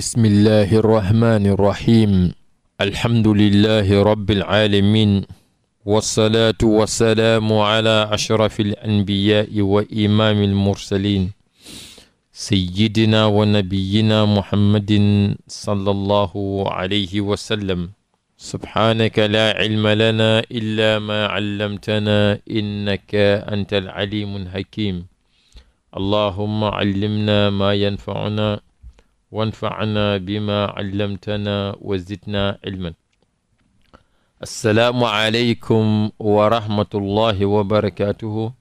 bismillahi irrahmani irrahim alhamdulillahi rabbil alamin wasalaatu wasalaamu ala ashrafi alanbiyaai wa imaami almursalin sayyidina wa nabiyina muhammadin sallallahu alayhi wa sallam subhaanaka laa cilma lana illa maa callamtana innaka anta alcalimu alhakim allahumma callimna maa yanfacuna wanfaanaa bimaa allamtanaa wa zidnaa ilman assalaamu aleykum wa rahmatullahi wa barakaatuhu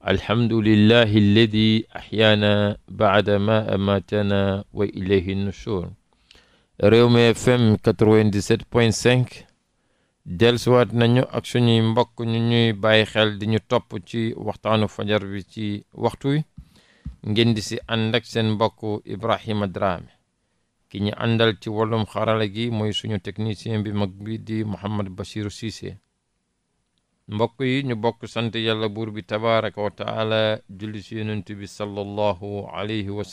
alhamdulillahi alladi ahyaana baada ma amaatana wa ilayhi nushur Rewmi FM 97.5 delsuwaat nañu ak suñuy mbokk ñu ñuy bàyyi xel di ñu topp ci waxtaanu fajar bi ci waxtu wi ngeen di si ànd seen mbokk Ibrahima Dramé ki ñu àndal ci wàllum xarala gi mooy suñu technicien bi mag bi di Mouhamed Bassirou Cissé mbokk yi ñu bokk sant yàlla buur bi tabaraka wa taala julli si yonent bi sallallahu alayhi wa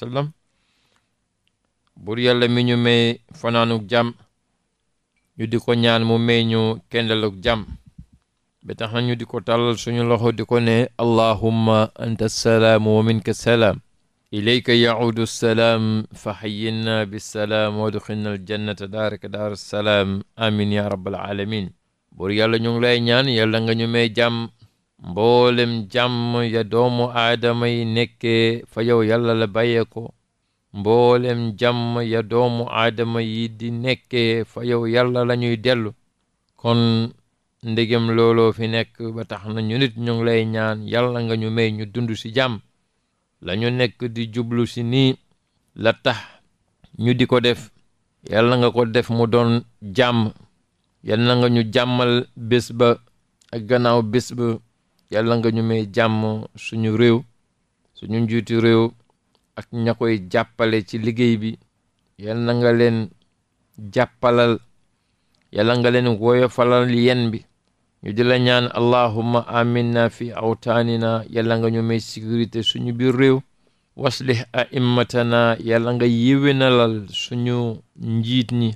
buur yàlla mi ñu may fanaanuk jàmm ñu di ko ñaan mu may ñu kendaluk jàmm ba tax ñu di ko tàllal suñu loxo di ko ne allahumma anta salaam wa minka salaam ilayka yaudu salaam fa xayinna bisalaam wa duxinna aljannata daaraka daar salaam amin ya rabbal alamin buur yàlla ñu ngi lay ñaan yàlla nga ñu may jàmm mboolem jàmm ya doomu aadama yi nekkee fa yow yàlla la bàyyee mboolem jàmm ya doomu aadama yi di nekkee fa yow yàlla la ñuy dellu ndegem looloo fi nekk ba tax na ñu nit ñu lay ñaan yàlla nga ñu may ñu dund ci jàmm lañu nekk di jublu ci nii la tax ñu di ko def yàlla nga ko def mu doon jàmm yàlla nga ñu jàmmal bés ak gannaaw bés ba yàlla nga ñu may jàmm suñu réew suñu njiitu réew ak ña koy jàppale ci liggéey bi yàlla nga leen jàppalal yàlla nga leen woyofalal yenn bi ñu di la ñaan allahumma aminna fi awtaanina yàlla nga ñu may sécurité suñu biir réew waslih aimmatana yàlla nga yéwénalal suñu njiit ñi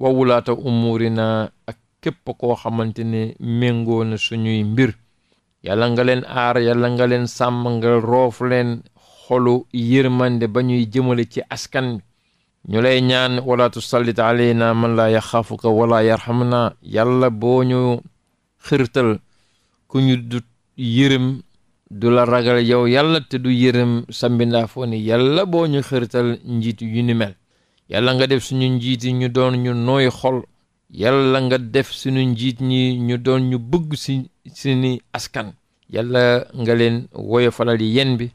wa wulaata umuurina ak képp koo xamante ne méngoo na suñuy mbir yàlla nga leen aar yàlla nga leen sàmm nga roof leen xolu yërmande ba ñuy jëmale ci askan bi ñu lay ñaan wala tusallit alayna man laa yaxaafuka wala yarhamna yàlla boo ñu xirtal ku ñu du yërëm du la ragal yow yàlla te du yërëm sambindaa foo ni yàlla boo ñu xirtal njiit yu ni mel yàlla nga def suñu njiit yi ñu doon ñu nooy xol yàlla nga def suñu njiit ñi ñu doon ñu bëgg si seeni askan yàlla nga leen woyofalal yen bi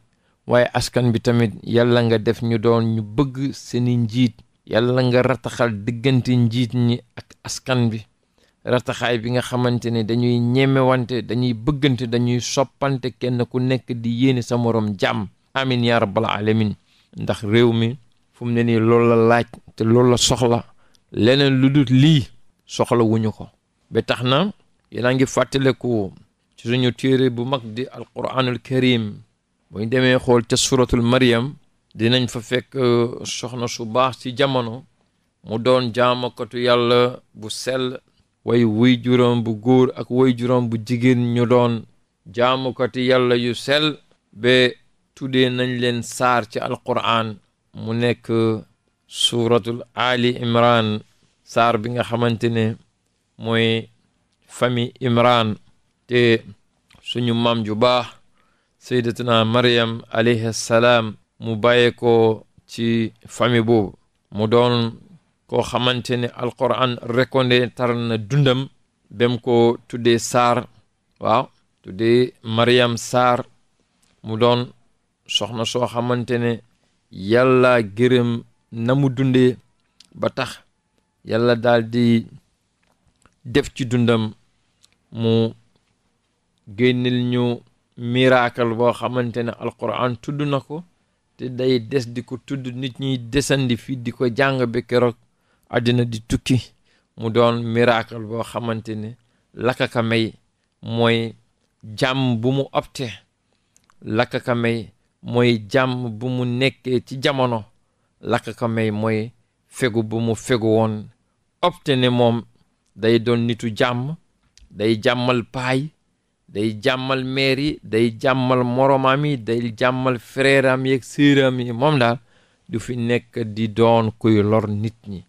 waaye askan bi tamit yàlla nga def ñu doon ñu bëgg seeni njiit yàlla nga rataxal diggante njiit ñi ak askan bi rataxaay bi nga xamante ni dañuy ñemewante dañuy bëggante dañuy soppante kenn ku nekk di yéene sa moroom jàmm amin yaa rabbal alamin ndax réew mi fu mu ne nii loolu la laaj te loolu la soxla leneen lu dul lii soxla wuñu ko ba tax na yéen a ngi fàttaleku ci suñu téere bu mag di alquranul karim buñ demee xool ca suratul mariam dinañ fa fekk euh, soxna su baax ci jamono mu doon jaamakatu yàlla bu sel way wuy juróom bu góor ak wuy juróom bu jigéen ñu doon jaamukati yàlla yu sel ba tudee nañ leen saar ci alqur'aan mu nekk suuratul aali imran saar bi nga xamante ne mooy famille imran te suñu maam ju baax sayyidatuna maryam alayhi salaam mu bàyyee ci famille boobu mu doon koo xamante ne alquran rekonde tar na dundam bem ko tuddee saar waaw tuddee Mariam saar mu doon soxna soo xamante ne yàlla gërëm na mu dundee ba tax yàlla daal di def ci dundam mu génnil ñu miracle boo xamante ne alquran tudd na ko te day des di ko tudd nit ñiy desandi fii di ko jàng ba keroog àddina di tukki mu doon miracle boo xamante ne lakaka may mooy jàmm bu mu opte lakaka may mooy jàmm bu mu nekkee ci jamono lakaka may mooy fegu bu mu fegu woon opte ne moom day doon nitu jàmm day jàmmal paay day jàmmal meer day jàmmal moromaam yi day jàmmal frère am yi ak sœur am yi moom daal du fi nekk di doon kuy lor nit ñi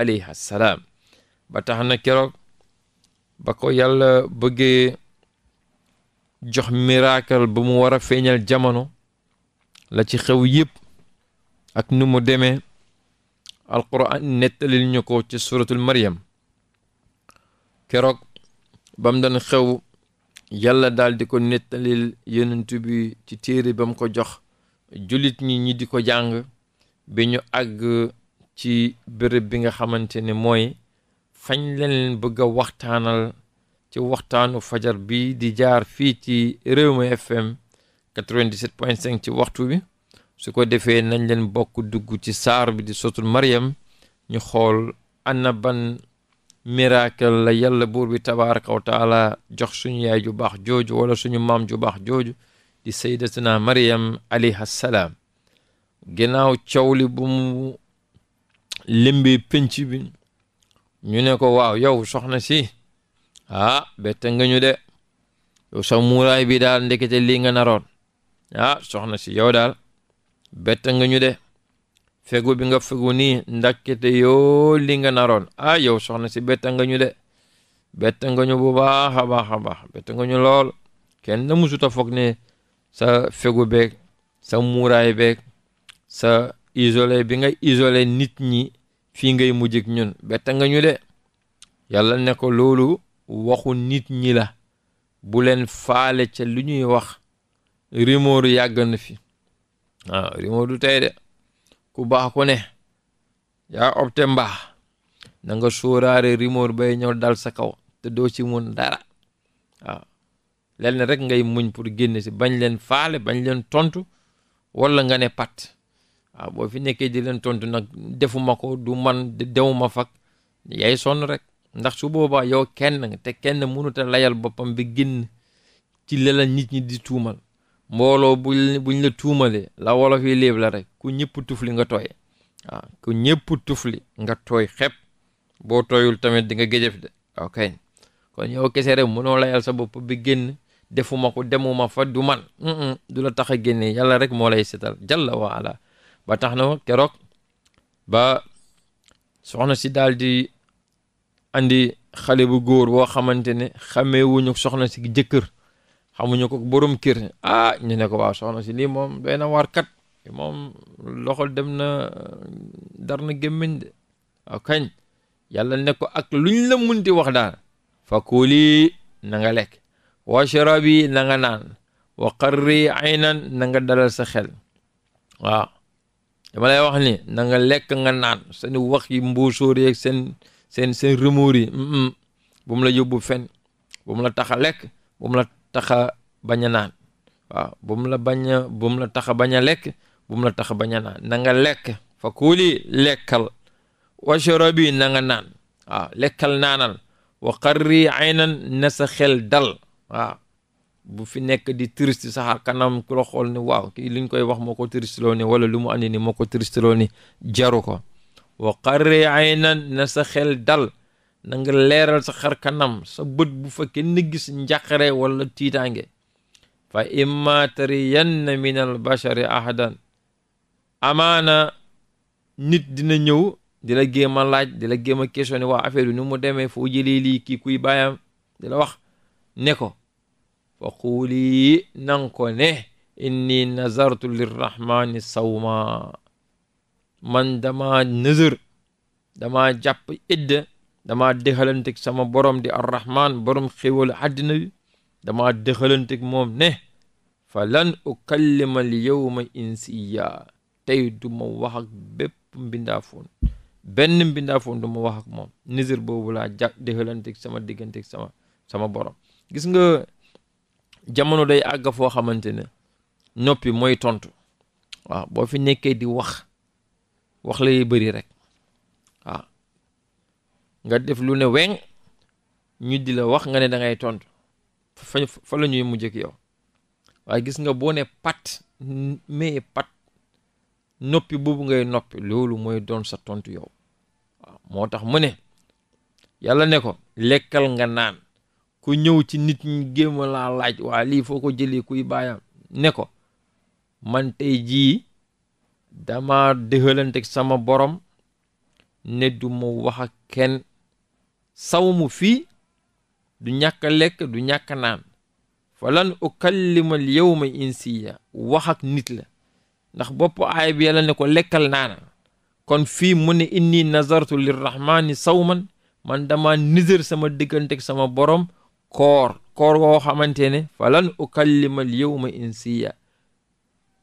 alayhi salaam ba tax na keroog ba ko yàlla bëggee jox miracle ba mu war a feeñal jamono la ci xew yépp ak nu mu demee alquran nettalil ñu ko ci suratul maryam keroog bam doon xew yàlla daal di ko nettalil yonent bi ci téere ba mu ko jox jullit ñi ñi di ko jàng bi ñu àgg ci béréb bi nga xamante ne mooy fañ leen bëgg a waxtaanal ci waxtaanu fajar bi di jaar fii ci réew mi FM 97.5 ci waxtu bi su ko defee nañ leen bokk dugg ci saar bi di sotul Maryam ñu xool ana ban miracle la yàlla buur bi tabaraka wa jox suñu yaay ju baax jooju wala suñu maam ju baax jooju di sayyidatuna Maryam alayha salaam ginnaaw bu mu lëmbee penc bi ñu ne ko waaw yow soxna si ah bette nga ñu de yow sa muuraay bi daal ndekete lii nga naroon ah soxna si yow daal bette nga ñu de fegu bi nga fegu nii ndakete yoo li nga naroon ah yow soxna si bette nga ñu de bette nga ñu bu baax a baax a baax bette nga ñu lool kenn da musuta foog ni sa fegu beeg sa muuraay beeg sa isolé bi nga isole nit ñi fii ngay mujj ñun bett nga ñu de yàlla ne ko loolu waxu nit ñi la bu leen faale ca lu ñuy wax rumeur yàgg na fi waaw rumeur du tey ku baax ku ne yaa opte mbaax na nga sóoraare rumeur ba ñëw dal sa kaw te doo ci mun dara waaw lenn rek ngay muñ pour génn si bañ leen faale bañ leen tontu wala nga ne pat waaw ah, boo fi nekkee di leen tontu nag defuma ko du man dewuma fag yaay sonn rek ndax su boobaa yow kenn te kenn mënuta layal boppam bi génn ci lala nit ñi di tuumal mbooloo buñ buñ la tuumalee la wolof yi la rek ku ñëpp tufli nga tooy waaw ah, ku ñëpp tufli nga tooy xepp boo tooyul tamit di nga géjëf de ok kon yow kese rek mënoo layal sa bopp bi génn defuma ko demuma fa du man du la tax a génne yàlla rek moo lay setal jalla waala ba tax na keroog ba soxna si daal di andi xale bu góor woo xamante ne xameewuñu soxna si jëkkër xamuñu ko borom kër ah ñu ne ko waaw soxna si lii moom doy na waar kat moom loxo dem na dar na gémmiñ de waaw kañ yàlla ne ko ak luñ la munti wax daal fa kuuli na nga lekk washrabi na nga naan wa qarri aynan na nga dalal sa xel dama lay wax ni nanga lekk nga naan seen wax yi mboosóor seen seen seen remor yi la yóbbu fen bu mu la tax a lekk bu la taxa a bañ a naan waaw bu la bañ a bu tax a bañ a lekk bu la tax a bañ a naan nanga lekk fa kuuli lekkal washrabi na nanga naan waaw lekkal naanal wa qarri aynan na sa xel dal waaw bu fi nekk di triste sax kanam ku la xool ne waaw kii liñ koy wax moo ko tristeloo ni wala lu mu andi ni moo ko tristeloo ni jaru ko wa qarri aynan na sa xel dal na nga leeral sa xar kanam sa bët bu fa kenn gis njaqare wala tiitaange fa imma tariyanna min al bashari ahadan amaana nit dina ñëw di la géem a laaj di la géem a questionné waa affaire bi ni mu demee foo jëlee lii ki kuy bàyyam di la wax ne ko fa quuli nanko ko ne inni nazartu lirrahmani sawma man dama nëzër dama jàpp idda dama dëxalantek sama borom di arrahman borom xéwalu àddina bi dama dëxalantek moom ne fa lan ukallima al yawma insiya tey du ma wax ak bépp mbindaafoon benn mbindaafoon du ma wax ak nëzër boobu laa jàpp dëxalantek sama diggantek sama sama borom gis nga jamono day àgg foo xamante ne noppi mooy tontu waaw boo fi nekkee di wax wax lay bari rek waaw nga def lu ne weŋ ñu di la wax nga ne dangay tontu fa fa la ñuy mujj ak yow waaye gis nga boo ne pat mais pat noppi boobu ngay noppi loolu mooy doon sa tontu yow waaw moo tax mu ne yàlla ne ko lekkal nga naan. ku ñëw ci nit ñi géem laaj waa lii foo ko jëlee kuy baayam ne ko man tey jii dama dëxalanteg sama borom ne du ma wax ak saw mu fii du ñàkk a du ñàkk a naan falan ukallimal yawma insiya wax ak nit la ndax bopp aay bi yàlla ne ko lekkal naana kon fii mu ne inni nazartu saw sawman man dama nisër sama digganteg sama borom koor koor woo xamante ne falan ukallimal ma insiya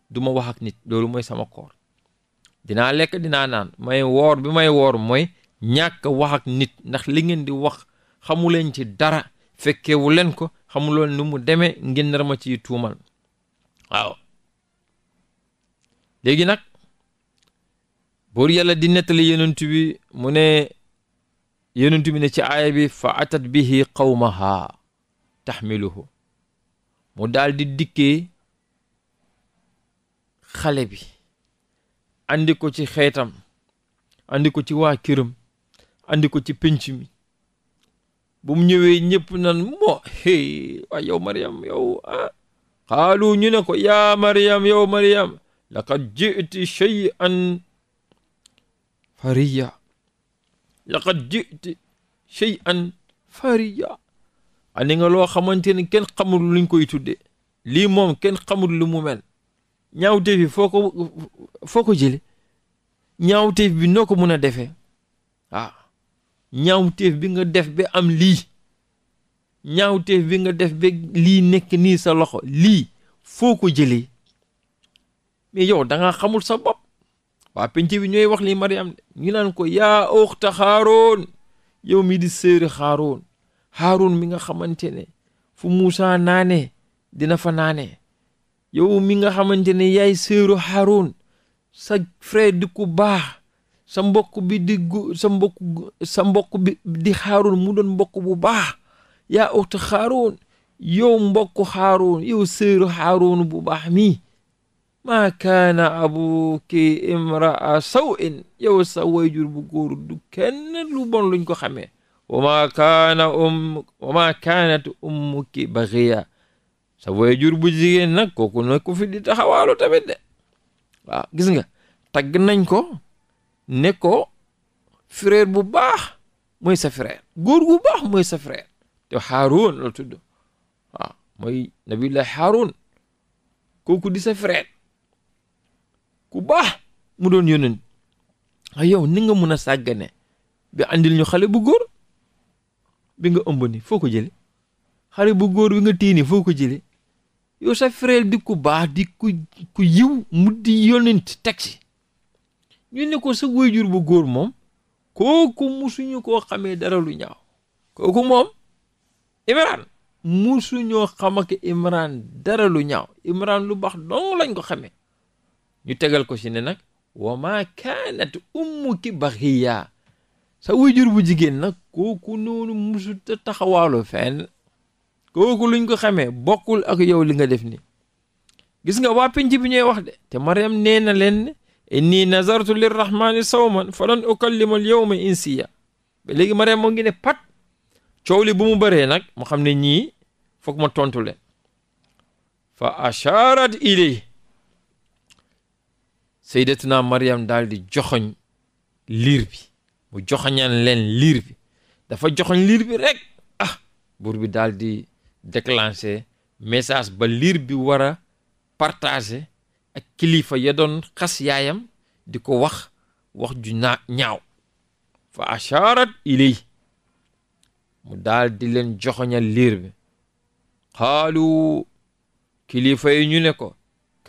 du ma wax nit loolu mooy sama koor dinaa lekk dinaa naan may woor bi may woor mooy ñàkk wax ak nit ndax li ngeen di wax xamuleen ci dara fekkewu leen ko xamuloon nu mu demee ngeen ma ciy tuumal waaw léegi nag buur yàlla di nettali yonent bi mu ne yonent bi ne ci bi fa atat bihi qawmaha taxmiluhu mu daldi di dikkee xale bi andi ko ci xeetam andi ko ci waa këram andi ko ci pénc mi bu mu ñëwee ñëpp nan moo hey waa yow Mariam yow ah xaalu ñu ne ko yaa Mariam yow Mariam laqad jiti shay'an fariya laqad jiti shay'an fariya ani nga loo xamante ni kenn xamul luñ koy tudde lii moom kenn xamut lu mu mel ñaawteef bi foo ko foo ko jële ñaawteef bi noo ko mën a defee waaw ah, ñaawteef bi nga def ba am lii ñaawteef bi nga def ba lii nekk nii sa loxo lii foo ko jëlee mais yow da nga sa bopp waa penc bi ñooy wax lii Mariam ñu naan ko yaa uxta xaaroon yow mi di séeri xaaroon xaaroon mi nga xamante ne fu Muusa naane dina fa naane yow mi nga xamante ne yaay séeru xaaroon sa frère di ku baax sa mbokk bi di sa sa mbokk bi di xaaroon mu doon mbokk bu baax yaa uxta xaaroon yow mbokk xaaroon yow séeru xaaroon bu baax mi maa kaana abuki imraa saw in yow sa wayjur bu góor du kenn lu bon luñ ko xamee wa maa kaana um wa maa kaanat ummuki baxiya sa wayjur bu jigéen nag kooku nag ku fi di taxawaalu tamit de waaw nga tagg nañ ko ne ko frère bu baax mooy sa frère góor gu baax mooy sa frère te Haaruun la tudd waaw nabillahi Haaruun kooku di sa frère ku baax mu doon yónent ay ah, yow ni nga mun a sàggane bi andil ñu xale bu góor bi nga ëmb ni foo ko jële xale bu góor bi nga tiini foo ko jële yow sa frère di ku baax di ku ku yiw mu di yónent teg si ñu ne ko sa waajur bu góor moom kooku musuñu koo xamee dara lu ñaaw kooku moom Imran musuñoo xam ak Imran dara lu ñaaw Imran lu baax dong lañ ko xamee ñu tegal ko ci ne nag wa ma kaanat ummuki baxiya sa wujur bu jigéen nag kooku noonu musuta taxawaalu fenn kooku luñ ko xamee bokkul ak yow li nga def ni gis nga waa penc bi ñooy wax de te Mariam nee na leen nii inni nazartu lirrahmani sawman falan ukallima al yawma insiya ba léegi Mariam mo ngi ne pat coow li bu mu bëree nag mu xam ne ñii foog ma tontu leen fa asharat ilay sayyidatuna Maryam daal di joxoñ liir bi mu joxoñaan leen liir bi dafa joxoñ liir bi rek ah buur bi daal di déclencher message ba liir bi wara a ak kilifa ya doon xas yaayam di ko wax wax ju naa ñaaw fa asharat ilay mu daal di leen joxoñal liir bi xaalu kilifa yi ñu ne ko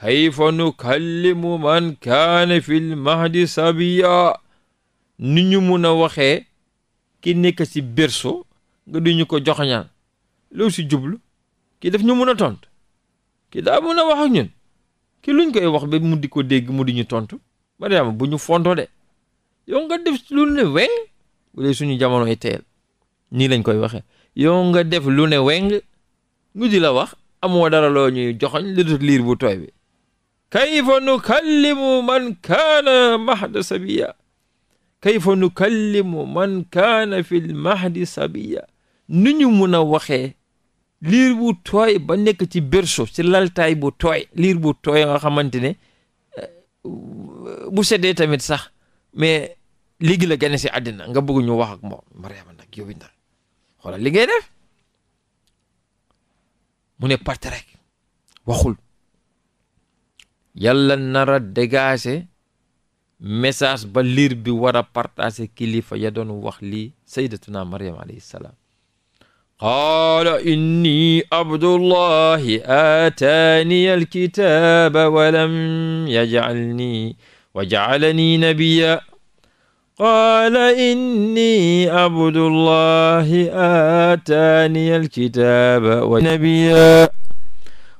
kayfa nukallimu man kaane fil mahdi sabiya nu ñu mun a waxee ki nekk ci berceau nga du ñu ko joxoñaan loolu si jublu kii def ñu mun a tontu kii daa mun a wax ñun ki luñ koy wax ba mu di ko dégg mu di ñu tontu Mariama bu ñu fontoo de yow nga def lu ne weng bu suñu jamonoy teel nii lañ koy waxee yow nga def lu ne weng ñu di la wax amoo dara loo ñuy joxoñ lu dul liir bu tooy bi kayfa nukallimu man kaana mahda sabiya kayfa nukallimu man kaana fi l sabiya nu ñu mun a waxee liir bu tooy ba nekk ci berceau ci laltaay bu tooy liir bu tooy nga xamante ne bu seddee tamit sax mais léegi la gane si àddina nga bëgg ñu wax ak moom Mariama nag yóbbi nag xoolal li ngay def mu ne part waxul yàlla nar a dégager message ba liir bi war a kilifa ya wax lii sayyidatuna maryam alayhi salaam inni abdullahi aataani alkitaaba walam yajcalni wa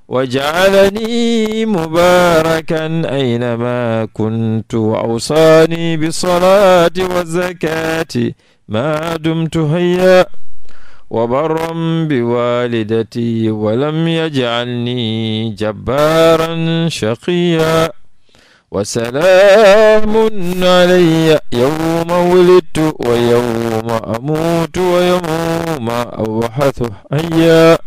وجعلني مباركا أينما كنت وأوصاني بالصلاة والزكاة ما دمت حيا وبرا بوالدتي ولم يجعلني جبارا شقيا وسلام علي يوم ولدت ويوم أموت ويوم أبعث حيا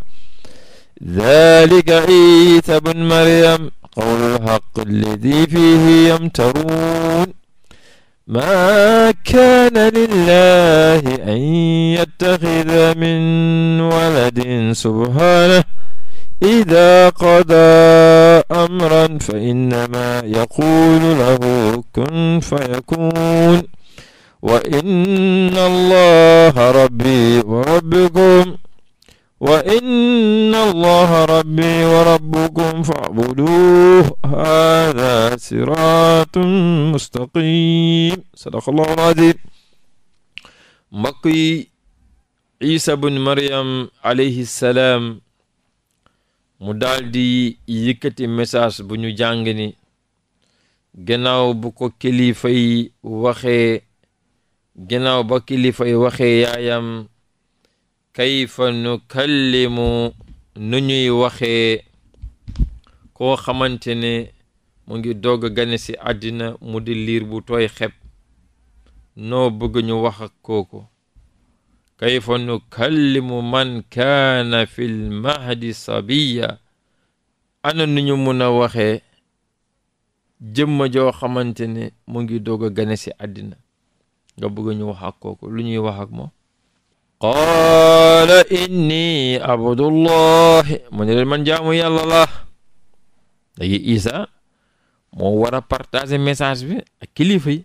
ذلك عيسى بن مريم قول الحق الذي فيه يمترون ما كان لله أن يتخذ من ولد سبحانه إذا قضى أمرا فإنما يقول له كن فيكون وإن الله ربي وربكم وإن الله ربي وربكم فاعبدوه هذا صراط مستقيم صدق الله العظيم mbokk yi Isa bun Maryam alayhi salaam mu daldi yëkkati message bu ñu jàng ni gannaaw bu ko kilifa yi waxe gannaaw ba kilifa yi waxee yaayam kayfa nukallimu nu ñuy waxee koo xamante ne mu ngi doog gane ci àddina mu di liir bu tooy xepp noo bëgg ñu wax ak kooku kayfa nukallimu man kaana fi l sabiya ana nu ñu mun a waxee jëmma joo xamante ne mu ngi doog a gane si àddina nga bëgg ñu wax ak lu ñuy wax moom qaala inni abdullah mu ne man jaamu yàlla la léegi isa moo war a partager message bi ak kilifa yi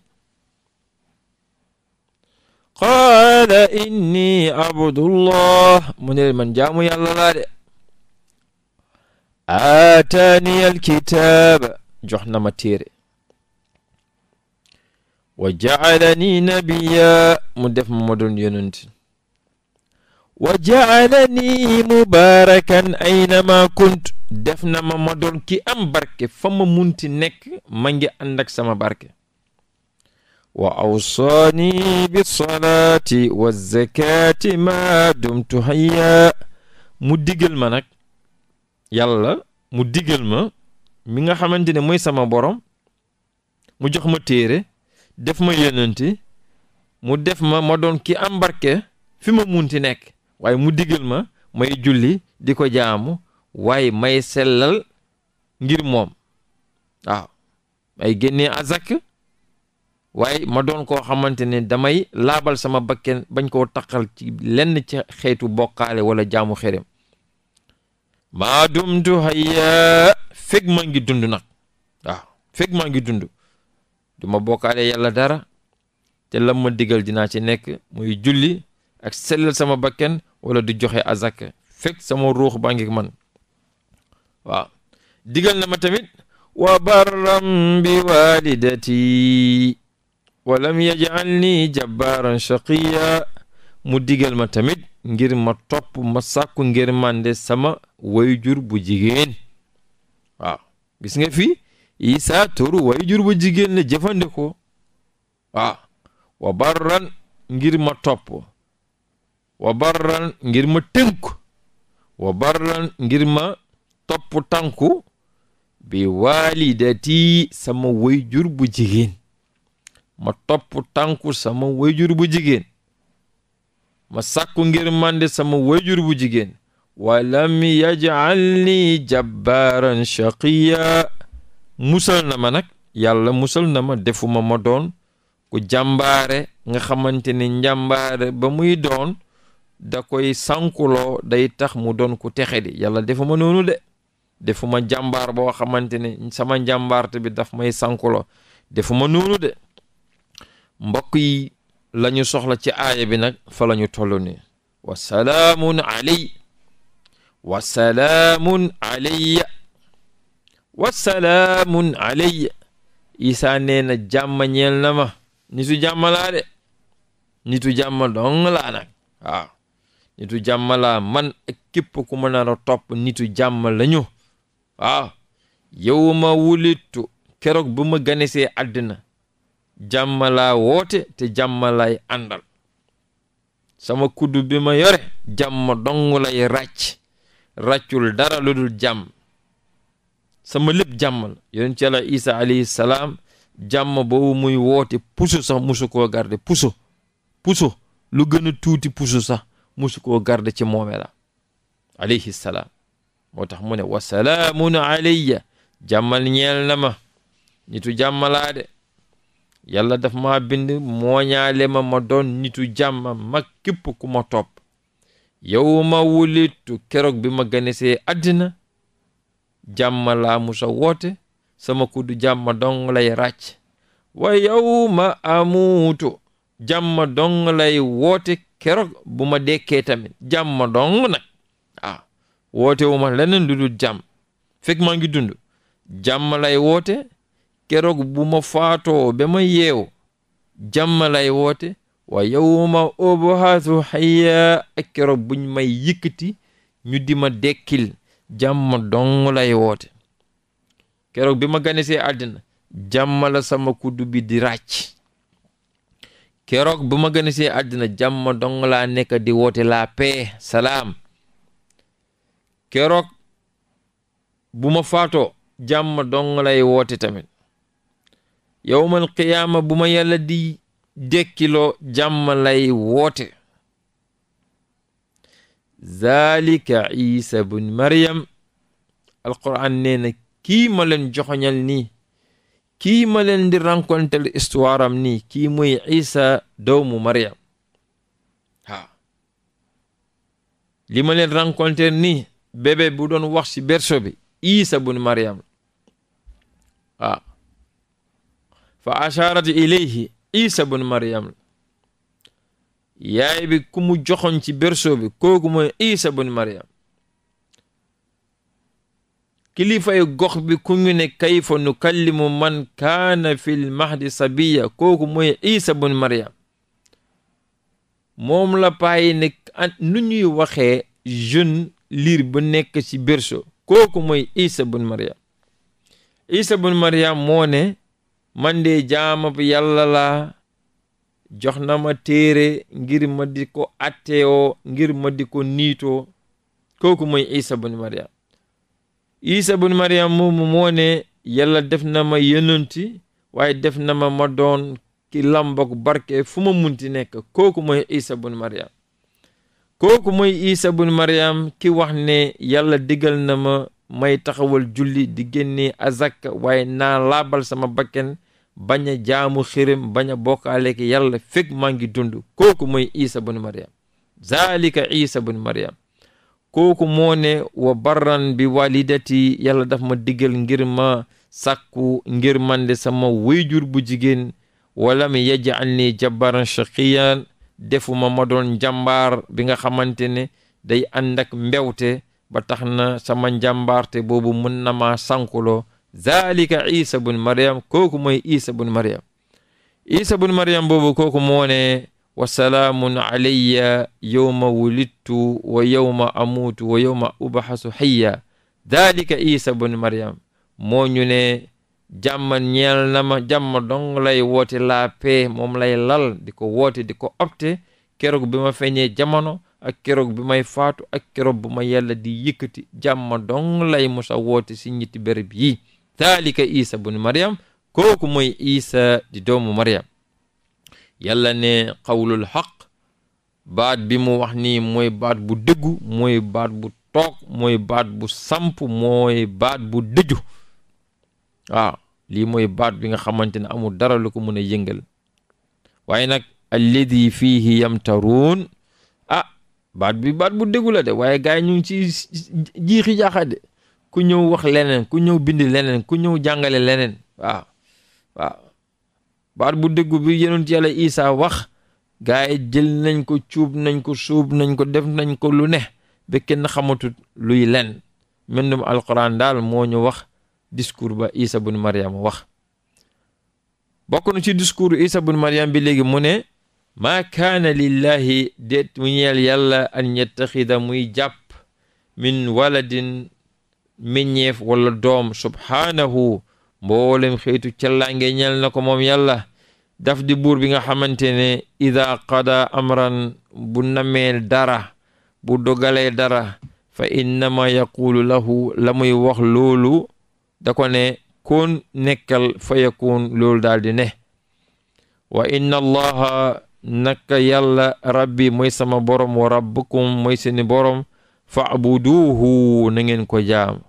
inni abdullah mu ne man jaamu yàlla de aataani alkitaaba jox na ma téere wa jaalani nabiya mu def ma ma doon yonent wa jaalani mubarakan aynama kunt def na ma ma doon ki am barke fa ma munti nekk ma ngi ànd ak sama barke wa awsaani bi salaati wa zakaati ma dumtu hayya mu digal ma nag yàlla mu digal ma mi nga xamante ne mooy sama borom mu jox ma téere def ma yonenti mu def ma ma doon ki am barke fi ma munti nekk waaye mu digal ma may julli di ko jaamu waaye may sellal ngir moom waaw may génnee azak waaye ma doon koo xamante ne damay laabal sama bakken bañ koo taqal ci lenn ci xeetu bokkaale wala jaamu xerem maa dumtu hayya feg maa ngi dund nag waaw feg maa ngi dund du ma bokkaale yàlla dara te lam ma digal dinaa ci nekk muy julli ak sellal sama bakkan wala du joxe azaka fekk sama ruux baa ngi man waaw digal na ma tamit wa barram bi walidati wa lam yajalni jabbaran shaqiya mu digal ma tamit ngir ma topp ma sàkku ngir mànde sama wayjur bu jigéen waaw gis nga fii Isaa turu wayjur bu jigéen la jëfandikoo waaw wa barran ngir ma topp wa barran ngir ma tënku wa barran ngir ma topp tànku bi waalidati sama wayjur bu jigéen ma topp tànku sama wayjur bu jigéen ma sakku ngir mande sama wayjur bu jigéen walam yajalni jabbaran shaqiya musal na ma nag yàlla musal na ma defuma ma doon ku jàmbaare nga xamante ne njàmbaare ba muy doon da koy sankuloo day tax mu doon ku texe di yàlla ma noonu de defuma jàmbaar boo xamante ne sama njàmbaarte bi daf may sankuloo defuma noonu de mbokk yi la soxla ci aaya bi nag fa la ñu toll ni wasalaamun aley wasalaamun aleyya wasalaamun aleyya isaa nee na jàmm ñeel na ma nitu jàmm laa de nitu jàmm dong laa nag waaw nitu jàmm man ak képp ku mën a topp nitu jàmm lañu a yow ma wulitu keroog bu ma ganesee àddina jàmm woote te jàmm lay àndal sama kuddu bi ma yore jàmm dong lay ràcc ràccul dara lu dul jàmm sama lépp jàmm la yonent Yàlla Isa alayhi salaam jàmm boobu muy woote puso sax musu koo garde puso puso lu gën a tuuti puso sax musu koo garde ci moomeela alayhi salaam moo tax mu ne alayya jàmmal ñeel na ma nitu jàmmalaade yàlla daf ma bind mooñaale ma ma doon nitu jàmma mag képp ku ma topp yow ma wulitu keroog bi ma ganesee àddina jàmma laa musa woote sama kuddu jàmma dong lay ràcc wa yow amuutu jàmm dong lay woote keroog bu ma dekkee tamit jàmm dong nag ah, woote wu ma leneen lu dul jàmm fekk maa ngi dund jàmm woote keroog bu ma faatoo ba ma yeew jàmm woote wa yawma ubhasu hayya ak keroog buñ may yëkkati ñu di ma dekkil jàmm dong woote keroog bi ma ganesee àddina jàmm la sama kuddu bi di ràcc keroog bu ma gën a see àddina jàmm dong laa nekk di woote la paix salaam keroog bu ma faatoo jàmm dong lay woote tamit yowmal qiyaama bu ma yàlla di dekkiloo jàmm lay woote zaalika isa bun maryam alquran nee na kii joxoñal nii kii ma leen di rencontrel histoire am nii kii mooy Isa doomu Maryam waaw li ma leen rencontré nii bébé bu doon wax ci berceau bi Isa bun waaw fa asharat ilayhi Isa bun Maryam la bi ku mu joxoon ci berceau bi kooku mooy Isa bun Maryam kilifa gox bi ku ñu ne kayfa nu kallimu man kaana fil mahdi sabiya kooku mooy isa bun maryam moom la payi ne nu ñuy waxee jeune liir bu nekk ci berceau kooku mooy isa bun maryam isa bun maryam moo ne man de jaamab yàlla laa jox na ma téere ngir ma ko attewoo ngir ma di ko niitoo kooku mooy isa bun isa bun mariam moomu moo ne yàlla def na ma yonenti waaye def na ma ma doon ki lambok barke fu ma munti nekk kooku mooy isa bun mariam kooku mooy isa bun mariam ki wax ne yàlla digal na ma may taxawal julli di génnee azakka waaye naa laabal sama bakken bañ a jaamu xirim bañ a bokkaale yàlla fekk maa ngi dund kooku mooy isa bun mariam zalika isa bun mariam kooku moo ne wa barran bi walidati yàlla daf ma digal ngir ma sàkku ngir mande sama wéyjur bu jigéen walla mi yaj'al ni jabbaran shaqiyan defuma ma doon jàmbaar bi nga xamante ne day ànd ak mbewte ba tax na sama njàmbaarte boobu mun na maa sankuloo zalika isa bun mariam kooku mooy isa bun mariam isa bun mariam boobu kooku moo wa salaamun alayya yowma wulidtu wa yowma amuutu wa yowma ubaxasu xayya dalika isa bun mariam moo ñu ne jàmm ñeel na jàmm dong lay woote la paix moom lay lal di ko woote di ko opte keroog bi ma feeñee jamono ak keroog bi may faatu ak keroog bu ma yàlla di yëkkati jàmm dong lay musa woote si ñitti béréb yi daalika isa bun mariam kooku mooy isa di doomu mariam yàlla ne xawlul xaq baat bi mu wax nii mooy baat bu dëggu mooy baat bu toog mooy baat bu samp mooy baat bu dëju waaw lii mooy baat bi nga xamante ne amul dara lu ko mën a yëngal waaye nag alladi fii yamtaruun ah baat bi baat bu dëggu la de waaye gars ñu ngi ci jiixi jaaxa de ku ñëw wax leneen ku ñëw bind leneen ku ñëw jàngale leneen waaw baat bu dëggu bi yonent yàlla Isaa wax gaay yi jël nañ ko cuub nañ ko suub nañ ko def nañ ko lu ne ba kenn xamatut luy len mbindum alquran daal moo ñu wax discours ba Isa bun Maryam wax bokk ci diskuur Isa bun Maryam bi léegi mu ne maa kaana lillahi déet mu ñeel yàlla an yettaxida muy jàpp min waladin meññeef wala doom subhaanahu mboolem xeetu cellaange ñel na ko moom yàlla daf di buur bi nga xamante ne ida qada amran bu namee dara bu dogalee dara fa innama yaquulu lahu la wax loolu da ko ne kun nekkal fa yakun loolu daal di ne wa inna allaha naka yàlla rabbi mooy sama borom wa rabbukum mooy seeni borom fa abuduhu na ko jaam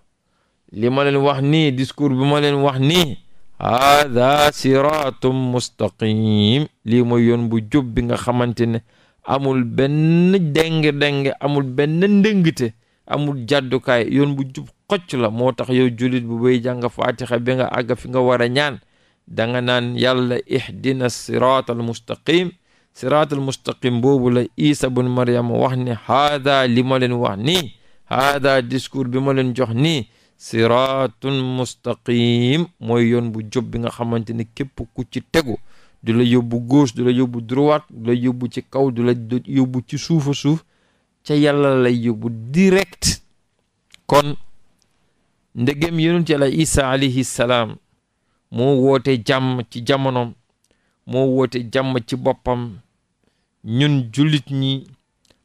li ma wax nii discours bi ma leen wax nii haada siraatum mustaqim lii mooy yoon bu jub bi nga xamante ne amul benn déng-déng amul benn ndëngte amul jàddukaay yoon bu jub xocc la moo tax yow julit bu bay jàng faatixa bi nga àgg fi nga war a ñaan danga naan yàlla ihdina siraat al mustaqim siraat al mustaqim boobu la isa bun mariama wax ne haada li ma leen wax nii haada discours bi ma jox nii siraatun mustaqim mooy yoon bu jub bi nga xamante ne képp ku ci tegu du la yóbbu gauche du la yóbbu droite du la yóbbu ci kaw du la yóbbu ci suufa suuf ca yàlla lay yóbbu direct kon ndegem yonent yàlla isa alayhi salaam moo woote jàmm ci jamonoom moo woote jàmm ci boppam ñun jullit ñi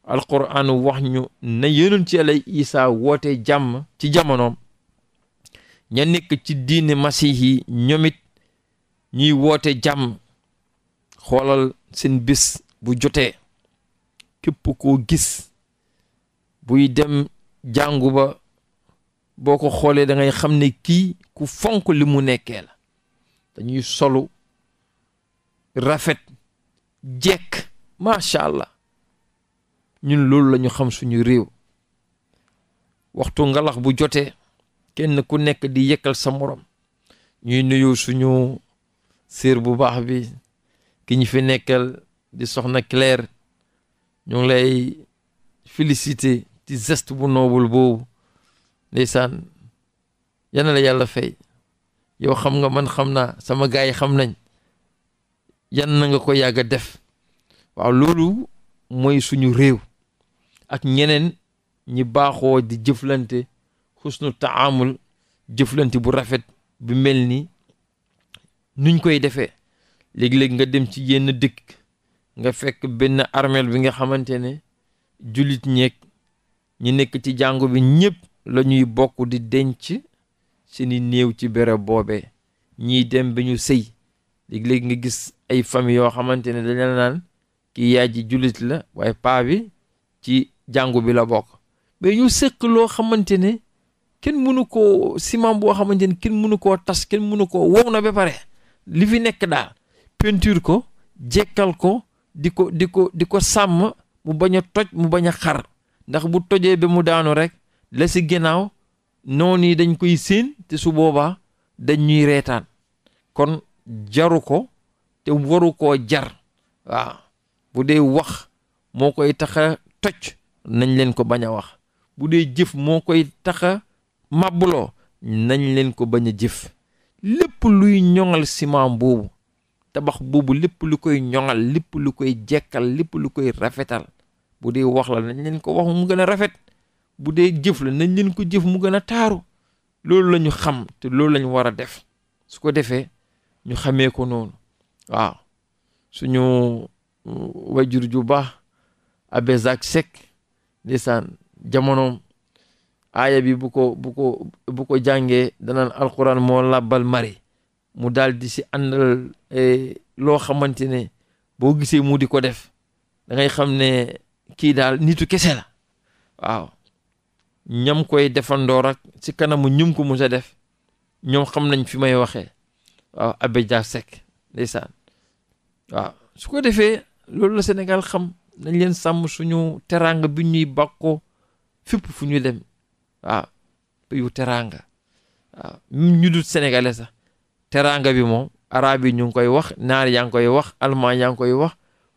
alquraan wax ñu na yonent yàlla isa woote jàmm ci jamono ña nekk ci diine masih yi ñoom it ñuy woote jàmm xoolal seen bés bu jotee képp koo gis buy dem jàngu ba boo ko xoolee da ngay xam ne kii ku fonk li mu nekkee la dañuy solu rafet jekk macha allah ñun loolu la ñu xam suñu réew waxtu ngalax bu jotee kenn ku nekk di yëkkal sa morom ñuy nuyu suñu séer bu baax bi ki ñu fi nekkal di soxna Claire ñu ngi lay féliciter ci geste bu noobul boobu ndeysaan yana la yàlla fay yow xam nga man xam naa sama gars yi xam nañ yan na nga ko yàgg a def waaw loolu mooy suñu réew ak ñeneen ñi baaxoo di jëflante xusnu taamul jëflante bu rafet bi mel ni nuñ koy defee léegi-léegi nga dem ci yenn dëkk nga fekk benn armeel bi nga xamante ne jullit ñéeg ñi nekk ci jàngu bi ñëpp la ñuy bokk di denc seeni néew ci bérab boobe ñiy dem ba ñu sëy léegi-léegi nga gis ay famille yoo xamante ne dañ la naan ki yaay ji jullit la waaye paa bi ci jàngu bi la bokk mais ñu sëkk loo xamante ne kenn mënu koo ciment boo xamante ni kenn mënu koo tas kenn mënu koo wow na ba pare li fi nekk daal peinture ko jekkal ko di ko di ko di ko sàmm mu bañ a toj mu bañ a xar ndax bu tojee ba mu daanu rek la si ginnaaw noonu yi dañ koy séen te su boobaa dañ ñuy reetaan kon jaru ko te waru koo jar waaw bu dee wax moo koy tax a toj nañ leen ko bañ a wax bu dee jëf moo koy tax màbbuloo nañ leen ko bañ a jëf lépp luy ñoŋal ciment boobu tabax boobu lépp lu koy ñoŋal lépp lu koy jekkal lépp lu koy rafetal bu dee wax la nañ leen ko wax mu gën a rafet bu dee jëf la nañ leen ko jëf mu gën a taaru loolu la ñu xam te loolu lañu ñu war a def su ko defee ñu xamee ko noonu waaw suñu uh, wajur ju baax Abbé Jacques Seck ndeysaan jamonoom aaya bi bu ko bu ko bu ko jàngee danaan alquran moo làbbal mari mu daal di si àndal eh, loo xamante ne boo gisee mu di ko def dangay xam ne kii daal nitu kese la waaw ñam koy defandoo ak si kanamu ñum ko mos a def ñoom xam nañ fi may waxee waaw Abbé Dia Seck ndeysaan waaw su ko defee loolu la Sénégal xam nañ leen sàmm suñu teraanga bi ñuy bàkkoo fépp fu ñu dem waaw yu teraanga ñu dul sénégalais sax teraanga bi moom arab yi ñu ngi koy wax naar yaa ngi koy wax allemand yaa koy wax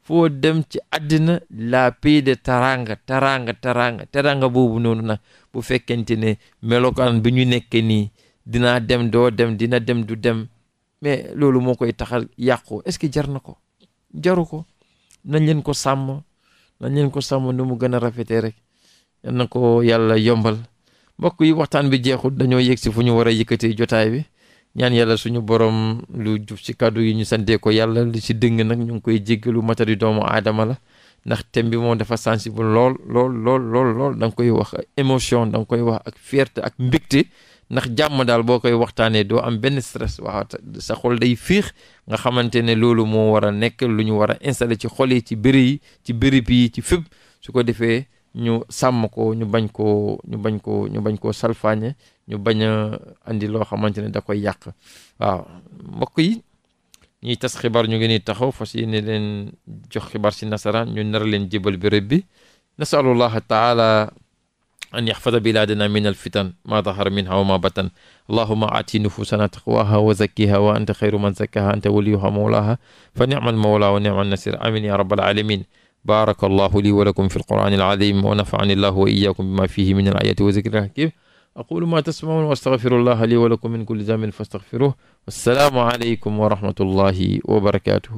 foo dem ci àddina la pays de teraanga teraanga teraanga teraanga boobu noonu nag bu fekkente ne melokaan bi ñu nekkee nii dinaa dem doo dem dina dem du dem mais loolu moo koy taxal yàqu est-ce que jar na ko jaru ko nañ leen ko sàmm nañ leen ko sàmm nu mu gën a rafetee rek na ko yàlla yombal mbokk yi waxtaan bi jeexul dañoo yegg si fu ñu war a yëkkatee jotaay bi ñaan yàlla suñu borom lu jub ci kàddu yi ñu santee ko yàlla li si dëng nag ñu ngi koy jéggalu matari doomu aadama la ndax thème bi moom dafa sensible lool lool lool lool lool da koy wax émotion danga koy wax ak fierté ak mbégte ndax jàmm daal boo koy waxtaanee doo am benn stress waaw sa xol day fiix nga xamante ne loolu moo war a nekk lu ñu war a installé ci xol yi ci bëri yi ci bërëb yi ci fépp su ko defee ñu sàmm ko ñu bañ ko ñu bañ koo ñu bañ koo salfaañe ñu bañ a andi loo xamante ne da koy yàq waaw mbokk yi ñuy tas xibaar ñu ngi nii taxaw fas yéene leen jox xibaar si nasaraan ñu nar leen jébal béréb bi nasalullaha taala an yaxfada bilaadana min alfitan ma dahara minha wa ma batan allahuma aati nufusana taqwaha wa zakkiha wa anta xayru man zakkaha anta waliyuha mawlaha fa nicma almawla wa nicma annasir amin ya rabbal alamin baaraka allahu lii wa lakum fi alqur'ani alazim wa nafa'ani allahu wa iyyakum bima fihi min alayati wa zikri alhakim aqulu ma tasma'un wa astaghfirullaha lii wa lakum min kulli dhanbin fastaghfiruhu wassalaamu alaykum wa rahmatullahi wa barakatuh